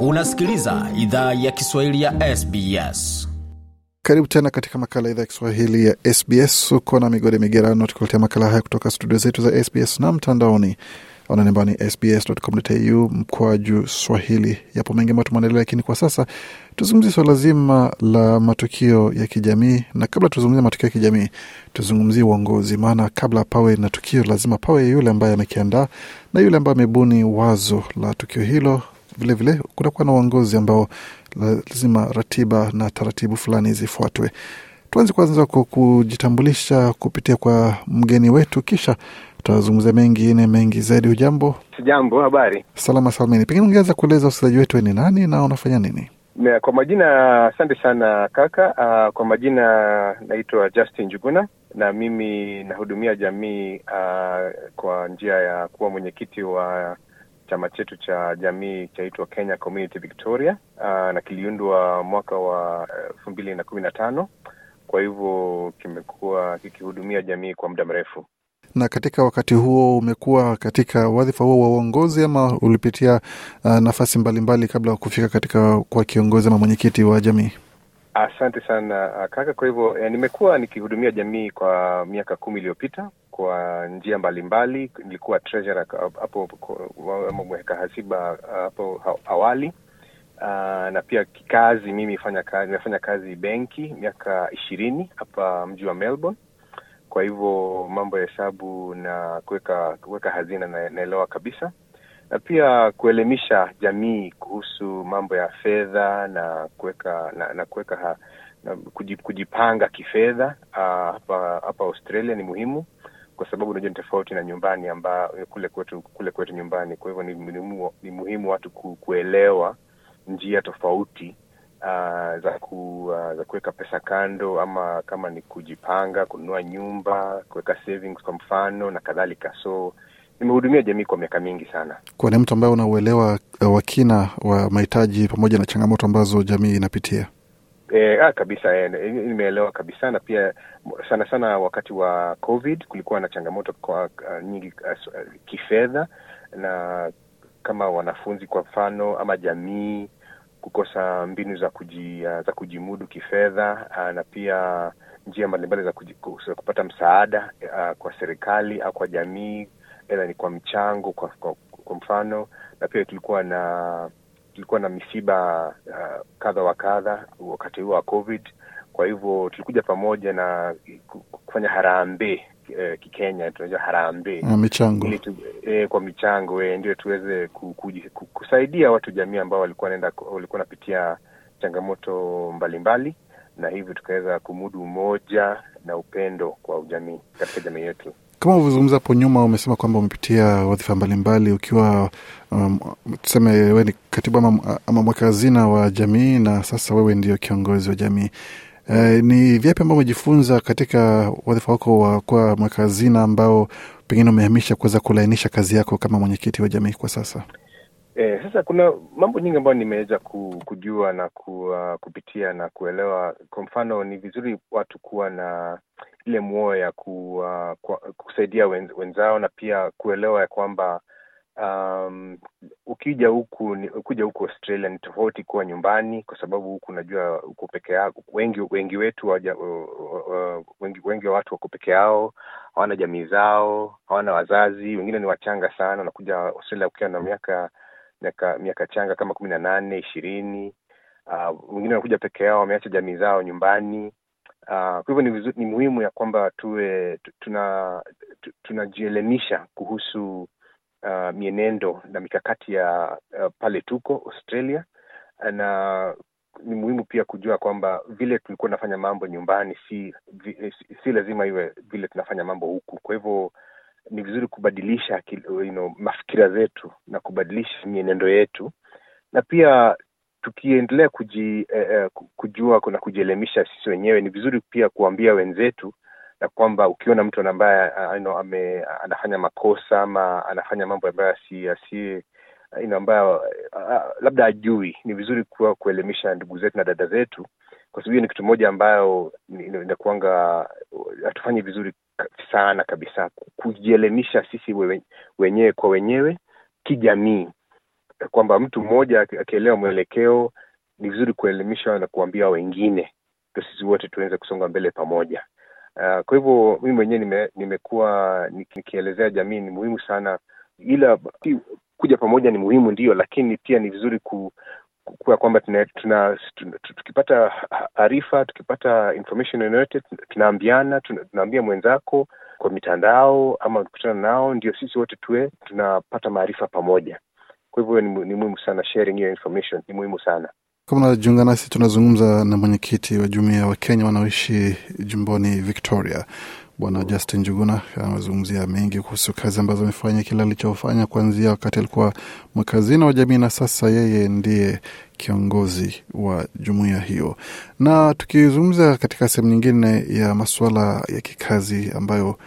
Unasikiliza idhaa ya Kiswahili ya SBS. Karibu tena katika makala idhaa ya Kiswahili ya SBS. Uko na migode migerano, tukuletea makala haya kutoka studio zetu za SBS na mtandaoni ananembani sbs.com.au mkwaju swahili. Yapo mengi ambayo tumeandalia, lakini kwa sasa tuzungumzie swala zima la matukio ya kijamii. Na kabla tuzungumzia matukio ya kijamii, tuzungumzie uongozi, maana kabla pawe na tukio lazima pawe yule ambaye amekiandaa na yule ambaye amebuni wazo la tukio hilo vilevile kutakuwa na uongozi ambao lazima ratiba na taratibu fulani zifuatwe. Tuanze kwanza kwa kujitambulisha kupitia kwa mgeni wetu, kisha tutazungumza mengine mengi zaidi. Ujambo? Sijambo, habari? Salama salmini. Pengine ungeweza kueleza wasikilizaji wetu ni nani na unafanya nini? kwa majina, asante sana kaka. Uh, kwa majina naitwa Justin Njuguna na mimi nahudumia jamii uh, kwa njia ya kuwa mwenyekiti wa chama chetu cha jamii chaitwa Kenya Community Victoria, uh, na kiliundwa mwaka wa uh, elfu mbili na kumi na tano. Kwa hivyo kimekuwa kikihudumia jamii kwa muda mrefu. Na katika wakati huo umekuwa katika wadhifa huo wa uongozi ama ulipitia uh, nafasi mbalimbali mbali kabla ya kufika katika kuwa kiongozi ama mwenyekiti wa jamii? Asante sana uh, kaka. Kwa hivyo eh, nimekuwa nikihudumia jamii kwa miaka kumi iliyopita kwa njia mbalimbali. Nilikuwa treasurer hapo mweka hasiba uh, hapo awali uh, na pia kikazi mimi fanya kazi, kazi benki miaka ishirini hapa mji wa Melbourne. Kwa hivyo mambo ya hesabu na kuweka kuweka hazina na, naelewa kabisa na pia kuelimisha jamii kuhusu mambo ya fedha na kuweka na, na kuweka kujipanga kifedha uh, hapa uh, Australia ni muhimu kwa sababu unajua ni tofauti na nyumbani amba, kule kwetu kule kwetu nyumbani. Kwa hivyo ni, ni, ni muhimu watu ku, kuelewa njia tofauti uh, za ku, uh, za kuweka pesa kando, ama kama ni kujipanga, kununua nyumba, kuweka savings kwa mfano na kadhalika. So nimehudumia jamii kwa miaka mingi sana. Kwa ni mtu ambaye unauelewa wakina eh, wa kina wa mahitaji pamoja na changamoto ambazo jamii inapitia. E, kabisa e, nimeelewa kabisa na pia sana sana wakati wa COVID kulikuwa na changamoto kwa uh, nyingi uh, kifedha na kama wanafunzi kwa mfano ama jamii kukosa mbinu za kuji, uh, za kujimudu kifedha uh, na pia njia mbalimbali za kuji, kupata msaada uh, kwa serikali au kwa jamii, aidha ni kwa mchango kwa, kwa, kwa mfano na pia tulikuwa na tulikuwa na misiba uh, kadha wa kadha wakati huo wa COVID. Kwa hivyo tulikuja pamoja na kufanya harambee eh, Kikenya tunaja harambee michango tu, eh, kwa michango e, ndio tuweze kusaidia watu jamii ambao walikuwa naenda walikuwa changamoto mbalimbali mbali na hivyo tukaweza kumudu umoja na upendo kwa ujamii katika jamii yetu. Kama ulivyozungumza hapo nyuma, umesema kwamba umepitia wadhifa mbalimbali ukiwa um, tuseme wewe ni katibu ama, ama mweka hazina wa jamii na sasa wewe ndio kiongozi wa jamii. E, ni vyapi ambao umejifunza katika wadhifa wako wa kuwa mweka hazina ambao pengine umehamisha kuweza kulainisha kazi yako kama mwenyekiti wa jamii kwa sasa? E, sasa kuna mambo nyingi ambayo nimeweza kujua na ku, uh, kupitia na kuelewa. Kwa mfano, ni vizuri watu kuwa na ile mwoyo ya ku, uh, kwa, kusaidia wenzao na pia kuelewa ya kwamba um, ukija huku ukija huku Australia ni tofauti kuwa nyumbani, kwa sababu huku unajua uko peke yako. Wengi wengi wetu waja, uh, uh, wengi, wengi wa watu wako peke yao, hawana jamii zao, hawana wazazi, wengine ni wachanga sana. Unakuja Australia ukiwa na miaka miaka miaka changa kama kumi na nane ishirini. Uh, wengine wanakuja peke yao, wameacha jamii zao nyumbani Ah, kwa hivyo ni, ni muhimu ya kwamba tuwe tunajielemisha tuna kuhusu uh, mienendo na mikakati ya uh, pale tuko Australia, na ni muhimu pia kujua kwamba vile tulikuwa tunafanya mambo nyumbani si, vi, si, si lazima iwe vile tunafanya mambo huku. Kwa hivyo ni vizuri kubadilisha you know, mafikira zetu na kubadilisha mienendo yetu, na pia tukiendelea kuji, eh, eh kujua na kujielemisha sisi wenyewe, ni vizuri pia kuambia wenzetu na kwamba ukiona mtu ambaye ah, anafanya makosa ama anafanya mambo ambayo si, ambayo ah, labda ajui, ni vizuri kuwa kuelemisha ndugu zetu na dada zetu, kwa sababu hiyo ni kitu moja ambayo inakuanga hatufanyi vizuri sana kabisa, kujielemisha sisi wenyewe kwa wenyewe kijamii kwamba mtu mmoja akielewa mwelekeo, ni vizuri kuelimisha na kuambia wengine, ndo sisi wote tuweze kusonga mbele pamoja. Uh, kwa hivyo mimi mwenyewe nime, nimekuwa nikielezea jamii ni muhimu sana, ila kuja pamoja ni muhimu ndio, lakini pia ni vizuri ku kuwa kwamba tuna, tuna, tuna, tukipata arifa tukipata information yoyote tunaambiana, tunaambia mwenzako kwa mitandao ama kukutana nao, ndio sisi wote tuwe tunapata maarifa pamoja. Kwa hivyo ni, ni muhimu sana sharing hiyo information ni muhimu sana. Kama unajiunga nasi, tunazungumza na mwenyekiti wa jumuia ya Wakenya wanaoishi jumboni Victoria, Bwana Justin Juguna amezungumzia mengi kuhusu kazi ambazo amefanya, kile alichofanya kuanzia wakati alikuwa mwakazina wa jamii na sasa yeye ndiye kiongozi wa jumuia hiyo. Na tukizungumza katika sehemu nyingine ya masuala ya kikazi ambayo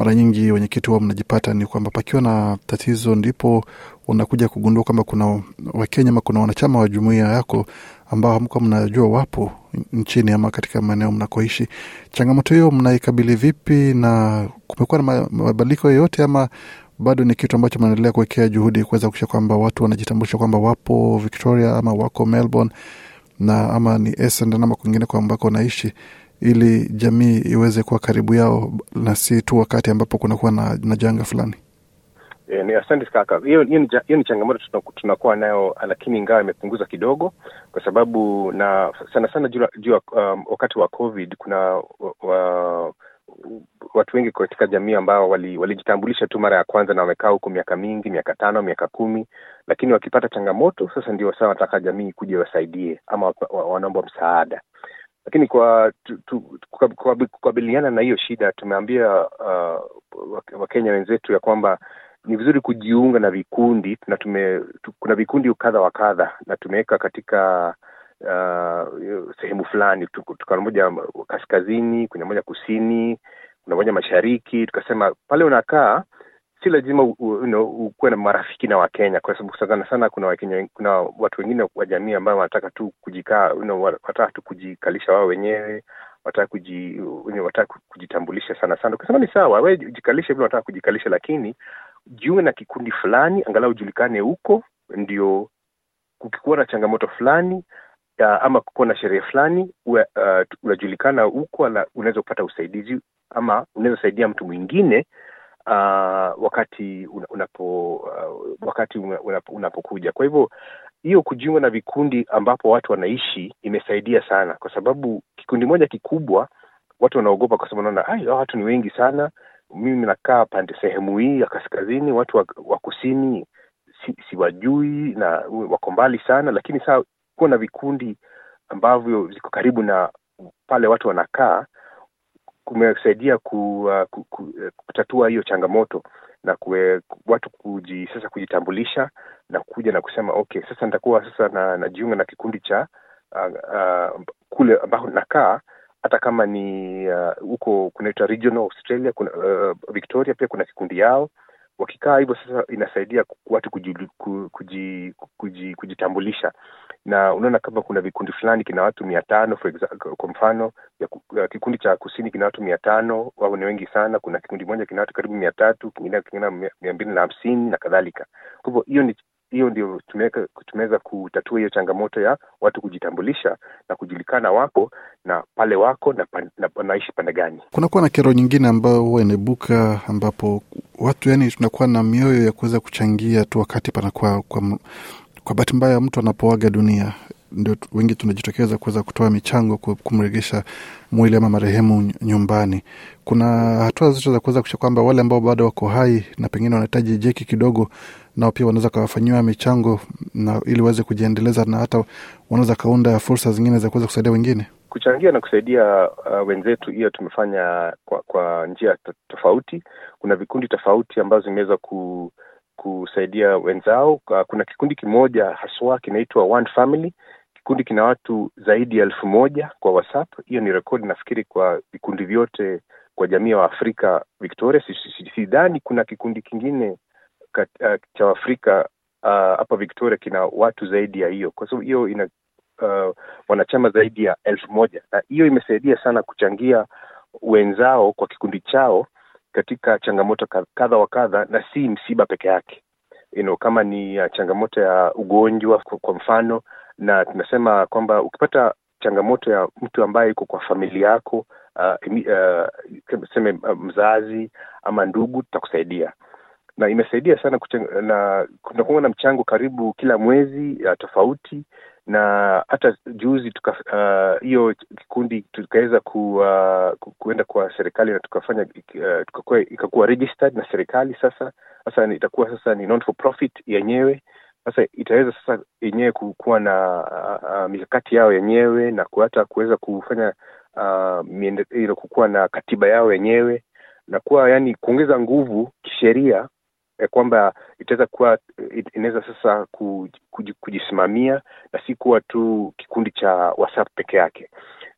mara nyingi wenyekiti huwa mnajipata ni kwamba pakiwa na tatizo ndipo unakuja kugundua kwamba kuna Wakenya ama kuna wanachama wa jumuia yako ambao hamkuwa mnajua wapo nchini ama katika maeneo mnakoishi. Changamoto hiyo mnaikabili vipi, na kumekuwa na mabadiliko yoyote ama bado ni kitu ambacho mnaendelea kuwekea juhudi kuweza kuisha kwamba watu wanajitambulisha kwamba wapo Victoria ama wako Melbourne na ama ni Essendon ama kwingine kwa ambako unaishi ili jamii iweze kuwa karibu yao na si tu wakati ambapo kunakuwa na, na janga fulani e, ni asante kaka hiyo ni, ni changamoto tunakuwa nayo lakini ingawa imepunguza kidogo kwa sababu na sana sana juu um, wakati wa covid kuna wa, watu wengi katika jamii ambao walijitambulisha wali tu mara ya kwanza na wamekaa huko miaka mingi miaka tano miaka kumi lakini wakipata changamoto sasa ndio saa wanataka jamii kuja wasaidie ama wanaomba msaada lakini kwa kukabiliana na hiyo shida tumeambia uh, Wakenya wenzetu ya kwamba ni vizuri kujiunga na vikundi na tume, tu, kuna vikundi kadha wa kadha na tumeweka katika uh, sehemu fulani tukana moja kaskazini, kuna moja kusini, kuna moja mashariki. Tukasema pale unakaa si lazima ukuwe na marafiki na Wakenya kwa sababu sana sana kuna Wakenya, kuna watu wengine wa jamii ambao wanataka tu kujikaa, wanataka tu kujikalisha wao wenyewe, wataka kuji, kujitambulisha sana sana. Ukisema ni sawa, we jikalishe vile wanataka kujikalisha, lakini jiunge na kikundi fulani, angalau ujulikane huko, ndio kukikuwa na changamoto fulani ama kukuwa na sherehe fulani uh, unajulikana uh, huko, unaweza kupata usaidizi ama unaweza saidia mtu mwingine uh, wakati unapo uh, wakati unapo, unapokuja. Kwa hivyo hiyo kujiunga na vikundi ambapo watu wanaishi imesaidia sana, kwa sababu kikundi moja kikubwa watu wanaogopa, kwa sababu wanaona a watu ni wengi sana, mimi nakaa pande sehemu hii ya kaskazini, watu wa, wa kusini siwajui si na wako mbali sana. Lakini saa kuwa na vikundi ambavyo ziko karibu na pale watu wanakaa kumesaidia ku, uh, ku, ku, uh, kutatua hiyo changamoto na kue, watu kuji, sasa kujitambulisha na kuja na kusema okay, sasa nitakuwa sasa najiunga na kikundi cha uh, uh, kule ambako nakaa hata kama ni uh, huko uh, kunaitwa Regional Australia kuna, uh, Victoria pia kuna kikundi yao Wakikaa hivyo sasa, inasaidia watu kujitambulisha na unaona kama kuna vikundi fulani kina watu mia tano kwa mfano ya kikundi cha kusini kina watu mia tano wao ni wengi sana. Kuna kikundi moja kina watu karibu mia tatu kingine mia mbili na hamsini na kadhalika. Kwa hivyo hiyo ni hiyo ndio tumeweza kutatua hiyo changamoto ya watu kujitambulisha na kujulikana wako na pale wako na, pan, na naishi pande gani. Kunakuwa na kero nyingine ambayo huwa inaibuka, ambapo watu yani tunakuwa na mioyo ya kuweza kuchangia tu wakati panakuwa kwa, kwa bahati mbaya mtu anapoaga dunia ndio wengi tunajitokeza kuweza kutoa michango kumregesha mwili ama marehemu nyumbani. Kuna hatua zote za kuweza kusha kwamba wale ambao bado wako hai na pengine wanahitaji jeki kidogo, nao pia wanaweza kawafanyiwa michango na ili waweze kujiendeleza, na hata wanaweza kaunda fursa zingine za kuweza kusaidia wengine kuchangia na kusaidia uh, wenzetu. Hiyo tumefanya kwa, kwa njia tofauti. Kuna vikundi tofauti ambazo zimeweza ku kusaidia wenzao. Uh, kuna kikundi kimoja haswa kinaitwa One Family Kikundi kina watu zaidi ya elfu moja kwa WhatsApp. Hiyo ni rekodi nafikiri kwa vikundi vyote kwa jamii ya Waafrika Victoria. Sidhani kuna kikundi kingine kat, uh, cha Waafrika uh, hapa uh, Victoria kina watu zaidi ya hiyo, kwa sababu hiyo ina uh, wanachama zaidi ya elfu moja na hiyo imesaidia sana kuchangia wenzao kwa kikundi chao katika changamoto kadha wa kadha, na si msiba peke yake. You know, kama ni uh, changamoto ya ugonjwa kwa, kwa mfano na tunasema kwamba ukipata changamoto ya mtu ambaye iko kwa familia yako uh, uh, seme uh, mzazi ama ndugu, tutakusaidia na imesaidia sana na kunakuwa na mchango karibu kila mwezi uh, tofauti na hata juzi uh, hiyo uh, kikundi tukaweza ku, uh, ku, kuenda kwa serikali na tukafanya uh, ikakuwa registered na serikali. Sasa sasa itakuwa sasa ni non for profit yenyewe sasa itaweza sasa yenyewe kuwa na uh, uh, mikakati yao yenyewe na hata kuweza kufanya uh, kukuwa na katiba yao yenyewe na kuwa yani kuongeza nguvu kisheria eh, kwamba itaweza kuwa inaweza sasa kujisimamia na si kuwa tu kikundi cha WhatsApp peke yake.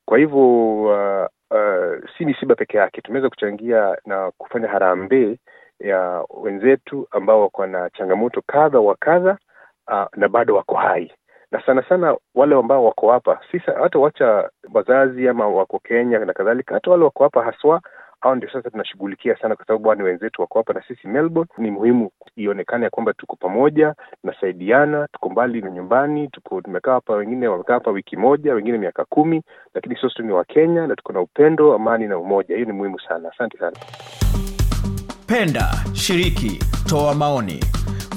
Kwa hivyo uh, uh, si misiba peke yake, tumeweza kuchangia na kufanya harambee ya wenzetu ambao wako na changamoto kadha wa kadha uh, na bado wako hai na sana sana wale ambao wako hapa hata wacha wazazi ama wako Kenya na kadhalika, hata wale wako hapa haswa au ndio sasa tunashughulikia sana, kwa sababu ni wenzetu wako hapa na sisi. Melbourne ni muhimu ionekane ya kwamba tuko pamoja, tunasaidiana, tuko mbali na nyumbani, tuko tumekaa hapa, wengine wamekaa hapa wiki moja, wengine miaka kumi, lakini sote ni Wakenya na tuko na upendo, amani na umoja. Hiyo ni muhimu sana. Asante sana. Penda, shiriki, toa maoni